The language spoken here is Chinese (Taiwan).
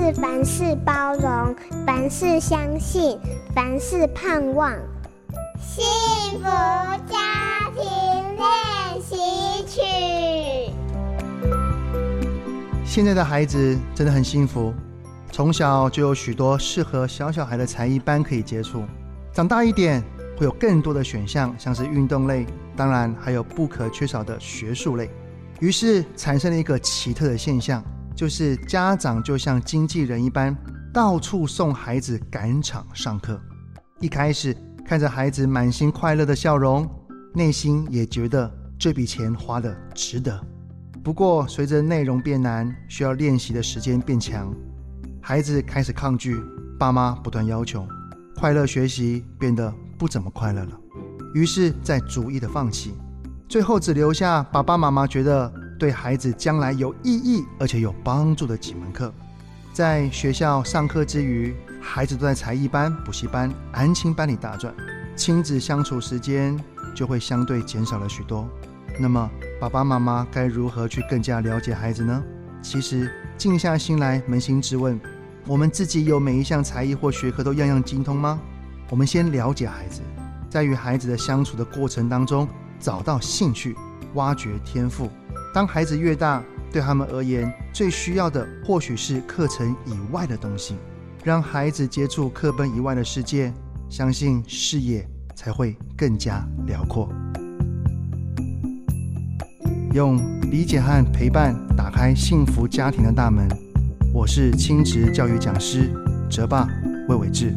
是凡事包容，凡事相信，凡事盼望。幸福家庭練習曲。現在的孩子真的很幸福，從小就有許多適合小小孩的才藝班可以接觸，長大一點會有更多的選項，像是運動類，當然還有不可缺少的學術類。於是產生了一個奇特的現象。就是家長就像經紀人一般，到處送孩子趕場上課。一開始看着孩子滿心快樂的笑容，內心也覺得這筆錢花得值得。不過隨着內容變難，需要練習的時間變長，孩子開始抗拒，爸媽不斷要求，快樂學習變得不怎麼快樂了。於是再逐一的放棄，最後只留下爸爸媽媽覺得對孩子將來有意義而且有幫助的幾門課，在學校上課之餘，孩子都在才藝班、補習班、安親班裡打轉，親子相處時間就會相對減少了許多。那麼，爸爸媽媽該如何去更加了解孩子呢？其實，靜下心來，捫心自問：我們自己有每一項才藝或學科都樣樣精通嗎？我們先了解孩子，在與孩子的相處的過程當中，找到興趣，挖掘天賦。當孩子越大，對他們而言最需要的或許是課程以外的東西。讓孩子接觸課本以外的世界，相信視野才會更加遼闊。用理解和陪伴打開幸福家庭的大門。我是親職教育講師澤爸魏瑋志。